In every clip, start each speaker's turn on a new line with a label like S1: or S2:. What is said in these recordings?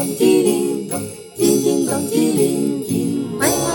S1: 歡迎光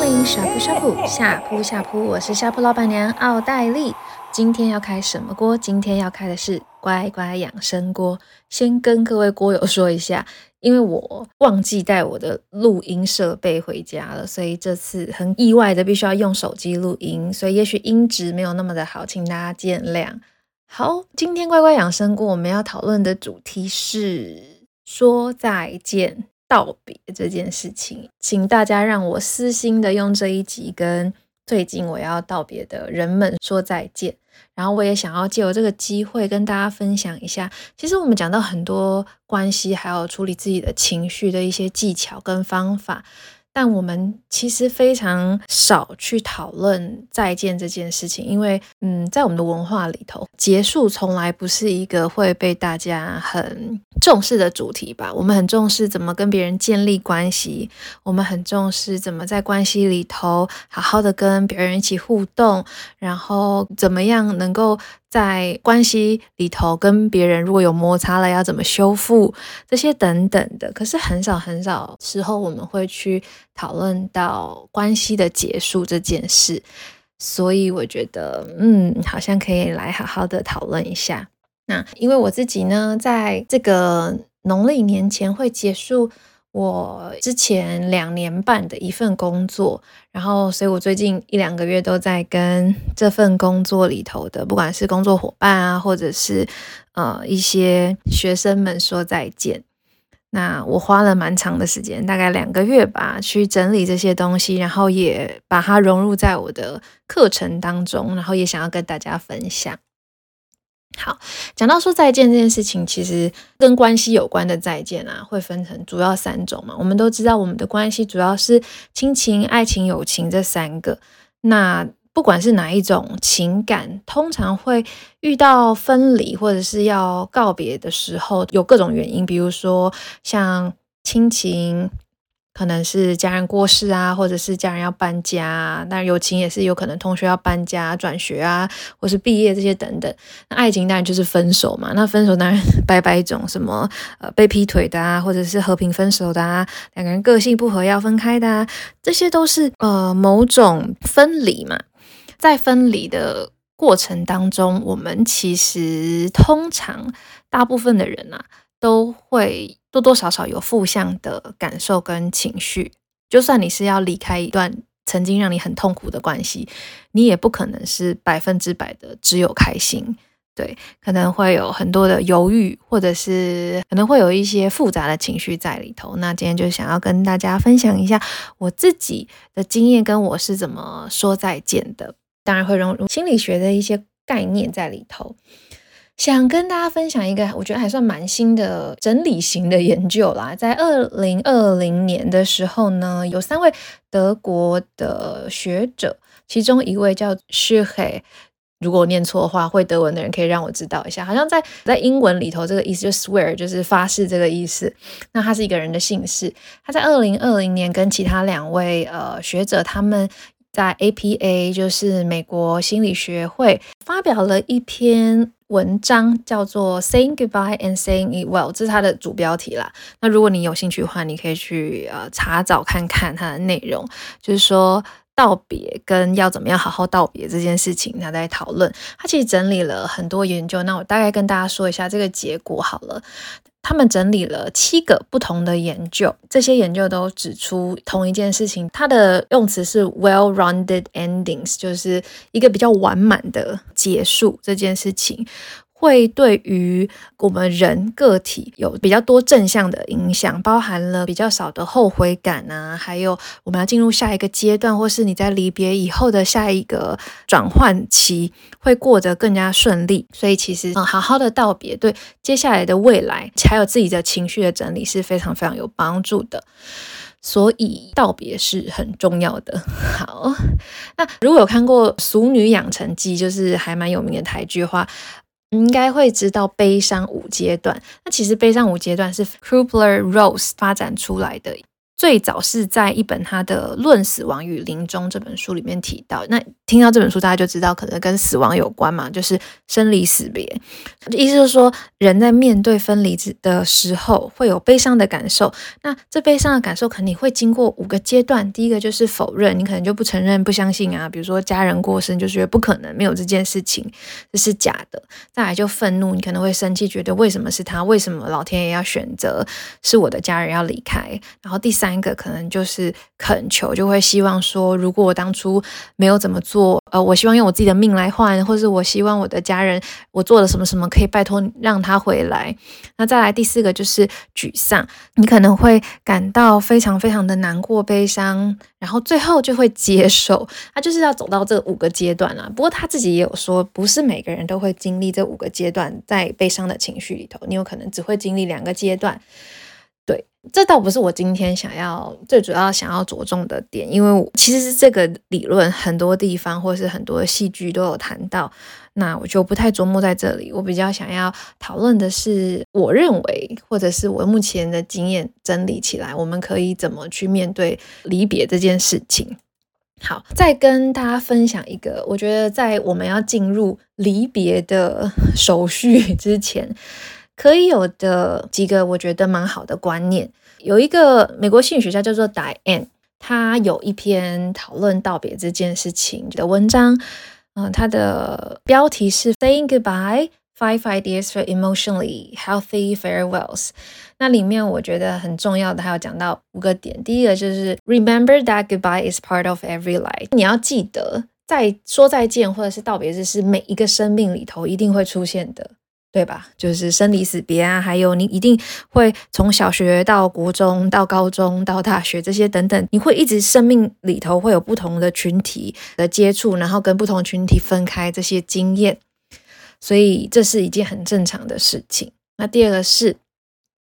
S1: 臨呷哺呷哺、呷哺呷哺，我是呷哺老闆娘奧黛麗。今天要開什麼鍋？今天要開的是乖乖養生鍋。先跟各位鍋友說一下，因為我忘記帶我的錄音設備回家了，所以這次很意外的必須要用手機錄音，所以也許音質沒有那麼的好，請大家見諒。好，今天乖乖養生鍋，我們要討論的主題是說再見、道別這件事情，請大家讓我私心的用這一集跟最近我要道別的人們說再見。然後，我也想要借由這個機會跟大家分享一下，其實我們講到很多關係，還有處理自己的情緒的一些技巧跟方法。但我們其實非常少去討論再見這件事情，因為，嗯，在我們的文化裡頭，結束從來不是一個會被大家很重視的主題吧。我們很重視怎麼跟別人建立關係，我們很重視怎麼在關係裡頭好好的跟別人一起互動，然後怎麼樣能夠。在關係裡頭跟別人如果有摩擦了，要怎麼修復這些等等的，可是很少很少時候我們會去討論到關係的結束這件事，所以我覺得，嗯，好像可以來好好的討論一下。那因為我自己呢，在這個農曆年前會結束。我之前兩年半的一份工作，然後，所以我最近一兩個月都在跟這份工作裡頭的，不管是工作夥伴啊，或者是呃一些學生們說再見。那我花了蠻長的時間，大概兩個月吧，去整理這些東西，然後也把它融入在我的課程當中，然後也想要跟大家分享。好，講到說再見這件事情，其實跟關係有關的再見啊，會分成主要三種嘛。我們都知道，我們的關係主要是親情、愛情、友情這三個。那不管是哪一種情感，通常會遇到分離或者是要告別的時候，有各種原因，比如說像親情。可能是家人過世啊，或者是家人要搬家啊。當然，友情也是有可能，同學要搬家、轉學啊，或是畢業這些等等。那愛情當然就是分手嘛。那分手當然，拜拜，一種什麼呃被劈腿的啊，或者是和平分手的啊，兩個人個性不合要分開的啊，這些都是呃某種分離嘛。在分離的過程當中，我們其實通常大部分的人吶、啊。都會多多少少有負向的感受跟情緒，就算你是要離開一段曾經讓你很痛苦的關係，你也不可能是百分之百的只有開心。對，可能會有很多的猶豫，或者是可能會有一些複雜的情緒在裡頭。那今天就想要跟大家分享一下我自己的經驗，跟我是怎麼說再見的，當然會融入心理學的一些概念在裡頭。想跟大家分享一個我覺得還算蠻新的整理型的研究啦，在二零二零年的時候呢，有三位德國的學者，其中一位叫 Schweer，如果我念錯的話，會德文的人可以讓我知道一下。好像在在英文裡頭，這個意思就是 swear 就是發誓這個意思。那他是一個人的姓氏。他在二零二零年跟其他兩位呃學者，他們在 APA 就是美國心理學會發表了一篇文章叫做 Saying Goodbye and Saying It Well，這是它的主標題啦。那如果你有興趣的話，你可以去呃查找看看它的內容，就是說。道別跟要怎麼樣好好道別這件事情，他在討論。他其實整理了很多研究，那我大概跟大家說一下這個結果好了。他們整理了七個不同的研究，這些研究都指出同一件事情，它的用詞是 well-rounded endings，就是一個比較完滿的結束這件事情。會對於我們人個體有比較多正向的影響，包含了比較少的後悔感啊，還有我們要進入下一個階段，或是你在離別以後的下一個轉換期會過得更加順利。所以其實，嗯，好好的道別，對接下來的未來還有自己的情緒的整理是非常非常有幫助的。所以道別是很重要的。好，那如果有看過《俗女養成記》，就是還蠻有名的台劇的話。你應該會知道悲傷五階段，那其實悲傷五階段是 Kubler-Ross 發展出來的。最早是在一本他的《論死亡與臨終》這本書裡面提到。那聽到這本書，大家就知道可能跟死亡有關嘛，就是生離死別。意思就是說，人在面對分離的時候，會有悲傷的感受。那這悲傷的感受，肯定會經過五個階段。第一個就是否認，你可能就不承認、不相信啊，比如說家人過世你就覺得不可能，沒有這件事情，這是假的。再來就憤怒，你可能會生氣，覺得為什麼是他，為什麼老天爺要選擇是我的家人要離開。然後第。三個可能就是懇求，就會希望說，如果我當初沒有怎麼做，呃，我希望用我自己的命來換，或是我希望我的家人，我做了什麼什麼，可以拜託讓他回來。那再來第四個就是沮喪，你可能會感到非常非常的難過、悲傷，然後最後就會接受，他、啊、就是要走到這五個階段啊。不過他自己也有說，不是每個人都會經歷這五個階段，在悲傷的情緒裡頭，你有可能只會經歷兩個階段。對，這倒不是我今天想要最主要想要着重的點，因為其實這個理論很多地方或是很多戲劇都有談到，那我就不太琢磨在這裡。我比較想要討論的是，我認為或者是我目前的經驗整理起來，我們可以怎麼去面對離別這件事情。好，再跟大家分享一個，我覺得在我們要進入離別的手續之前。可以有的幾個，我覺得蠻好的觀念。有一個美國心理學家叫做 Diane，他有一篇討論道別這件事情的文章。嗯、呃，他的標題是 Saying Goodbye: Five Ideas for Emotionally Healthy Farewells。那裡面我覺得很重要的，還有講到五個點。第一個就是 Remember that goodbye is part of every life。你要記得，在說再見或者是道別日是，是每一個生命裡頭一定會出現的。對吧？就是生離死別啊，還有你一定會從小學到國中、到高中、到大學這些等等，你會一直生命裡頭會有不同的群體的接觸，然後跟不同群體分開這些經驗，所以這是一件很正常的事情。那第二個是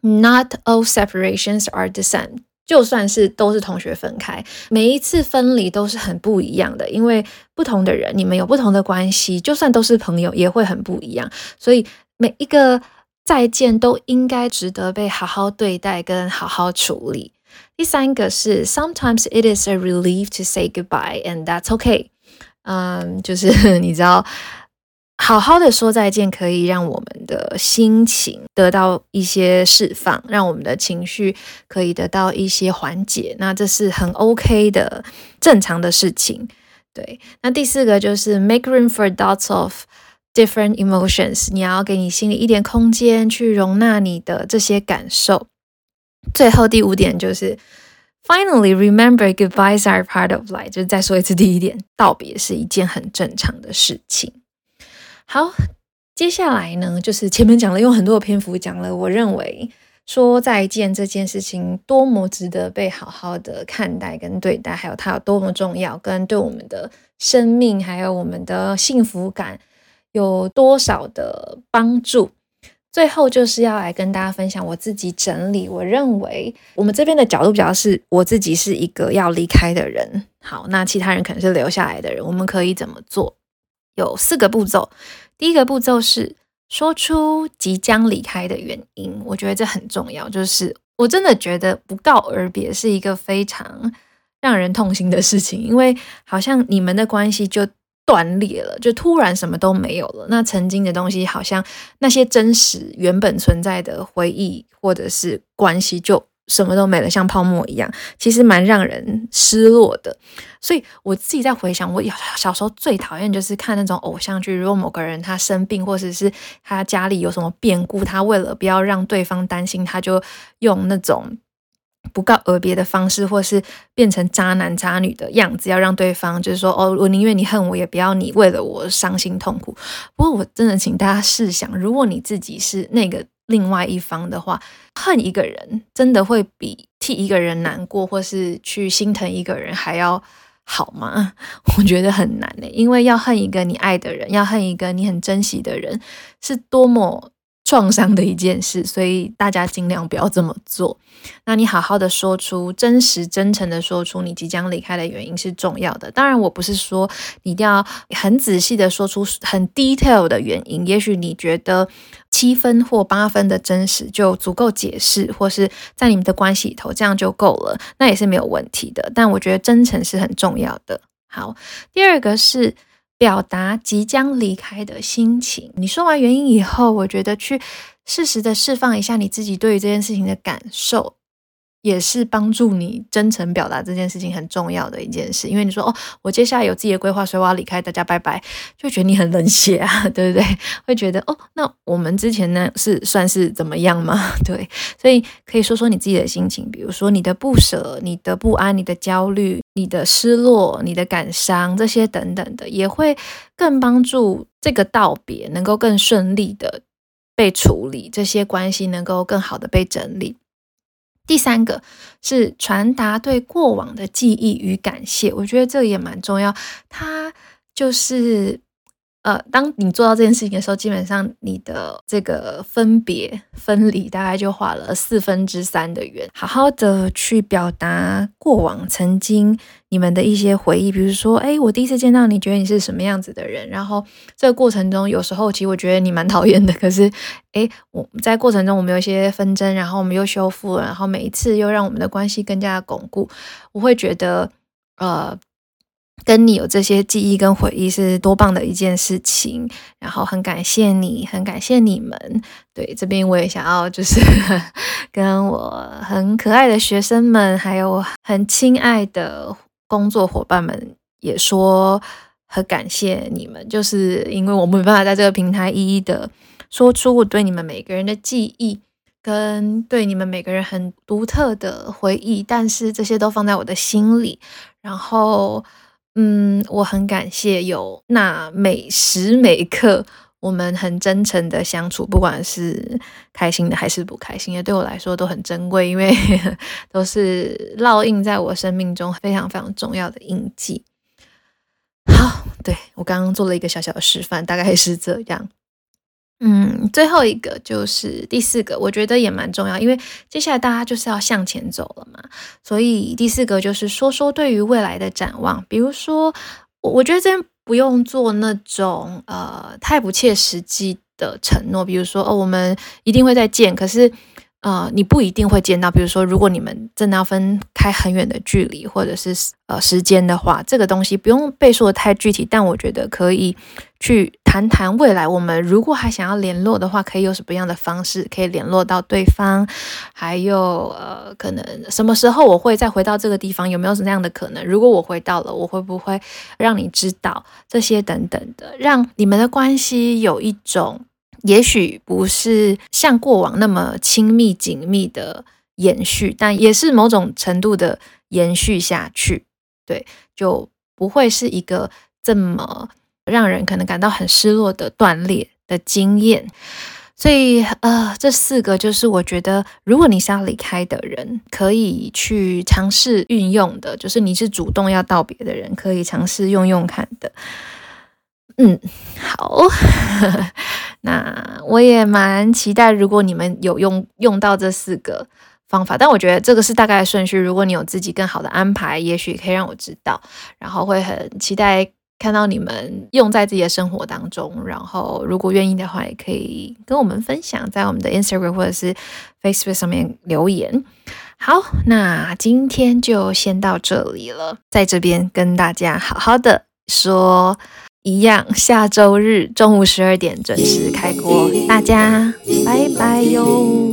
S1: ，not all separations are the same。就算是都是同學分開，每一次分離都是很不一樣的，因為不同的人，你們有不同的關係，就算都是朋友，也會很不一樣。所以每一個再見都應該值得被好好對待跟好好處理。第三個是 Sometimes it is a relief to say goodbye and that's okay。嗯，就是 你知道。好好的說再見，可以讓我們的心情得到一些釋放，讓我們的情緒可以得到一些緩解。那這是很 OK 的正常的事情。對，那第四個就是 make room for lots of different emotions，你要給你心裡一點空間去容納你的這些感受。最後第五點就是 finally remember goodbyes are part of life，就是再說一次第一點，道別是一件很正常的事情。好，接下來呢，就是前面講了，用很多的篇幅講了，我認為說再見這件事情多麼值得被好好的看待跟對待，還有它有多麼重要，跟對我們的生命還有我們的幸福感有多少的幫助。最後就是要來跟大家分享我自己整理，我認為我們這邊的角度比較是我自己是一個要離開的人，好，那其他人可能是留下來的人，我們可以怎麼做？有四個步驟，第一個步驟是說出即將離開的原因。我覺得這很重要，就是我真的覺得不告而別是一個非常讓人痛心的事情，因為好像你們的關係就斷裂了，就突然什麼都沒有了。那曾經的東西，好像那些真實原本存在的回憶或者是關係就。什麼都沒了，像泡沫一樣，其實蠻讓人失落的。所以我自己在回想，我小時候最討厭就是看那種偶像劇。如果某個人他生病，或者是，是他家裡有什麼變故，他為了不要讓對方擔心，他就用那種不告而別的方式，或是變成渣男渣女的樣子，要讓對方就是說，哦，我寧願你恨我，也不要你為了我傷心痛苦。不過，我真的請大家試想，如果你自己是那個。另外一方的話，恨一個人真的會比替一個人難過，或是去心疼一個人還要好嗎？我覺得很難呢、欸，因為要恨一個你愛的人，要恨一個你很珍惜的人，是多麼創傷的一件事，所以大家盡量不要這麼做。那你好好的說出真實、真誠的說出你即將離開的原因是重要的。當然，我不是說你一定要很仔細的說出很 detail 的原因，也許你覺得七分或八分的真實就足夠解釋，或是在你們的關係裡頭這樣就夠了，那也是沒有問題的。但我覺得真誠是很重要的。好，第二個是。表達即將離開的心情。你說完原因以後，我覺得去適時的釋放一下你自己對於這件事情的感受，也是幫助你真誠表達這件事情很重要的一件事，因為你說哦，我接下來有自己的規劃，所以我要離開，大家拜拜，就覺得你很冷血啊，對不對？會覺得哦，那我們之前呢是算是怎麼樣嗎？對，所以可以說說你自己的心情，比如說你的不捨、你的不安、你的焦慮、你的失落、你的感傷這些等等的，也會更幫助這個道別能夠更順利的被處理，這些關係能夠更好的被整理。第三個是傳達對過往的記憶與感謝，我覺得這也蠻重要。它就是。呃，當你做到這件事情的時候，基本上你的這個分別分離大概就畫了四分之三的圓，好好的去表達過往曾經你們的一些回憶，比如說，哎，我第一次見到你，覺得你是什麼樣子的人，然後這個過程中，有時候其實我覺得你蠻討厭的，可是，哎，我在過程中我們有一些紛爭，然後我們又修復了，然後每一次又讓我們的關係更加鞏固，我會覺得，呃。跟你有這些記憶跟回憶是多棒的一件事情，然後很感謝你，很感謝你們。對，這邊我也想要就是 跟我很可愛的學生們，還有很親愛的工作夥伴們，也說很感謝你們。就是因為我沒辦法在這個平台一一的說出我對你們每個人的記憶，跟對你們每個人很獨特的回憶，但是這些都放在我的心裡，然後。嗯，我很感謝有那每時每刻我們很真誠的相處，不管是開心的還是不開心的，對我來說都很珍貴，因為都是烙印在我生命中非常非常重要的印記。好，對，我剛剛做了一個小小的示範，大概是這樣。嗯，最後一個就是第四個，我覺得也蠻重要，因為接下來大家就是要向前走了嘛，所以第四個就是說說對於未來的展望，比如說，我我覺得真不用做那種呃太不切實際的承諾，比如說哦，我們一定會再見，可是。啊、呃，你不一定會見到。比如說，如果你們真的要分開很遠的距離，或者是呃時間的話，這個東西不用被說得太具體。但我覺得可以去談談未來，我們如果還想要聯絡的話，可以有什麼樣的方式可以聯絡到對方？還有呃，可能什麼時候我會再回到這個地方？有沒有什麼樣的可能？如果我回到了，我會不會讓你知道這些等等的，讓你們的關係有一種。也許不是像過往那麼親密緊密的延續，但也是某種程度的延續下去，對，就不會是一個這麼讓人可能感到很失落的斷裂的經驗。所以，呃，這四個就是我覺得，如果你是要離開的人，可以去嘗試運用的，就是你是主動要道別的人，可以嘗試用用看的。嗯，好。 那我也蠻期待，如果你們有用用到這四個方法，但我覺得這個是大概的順序。如果你有自己更好的安排，也許也可以讓我知道。然後會很期待看到你們用在自己的生活當中。然後如果願意的話，也可以跟我們分享，在我們的 Instagram 或者是 Facebook 上面留言。好，那今天就先到這裡了，在這邊跟大家好好的說。一樣，下週日中午十二點準時開鍋，大家拜拜喲。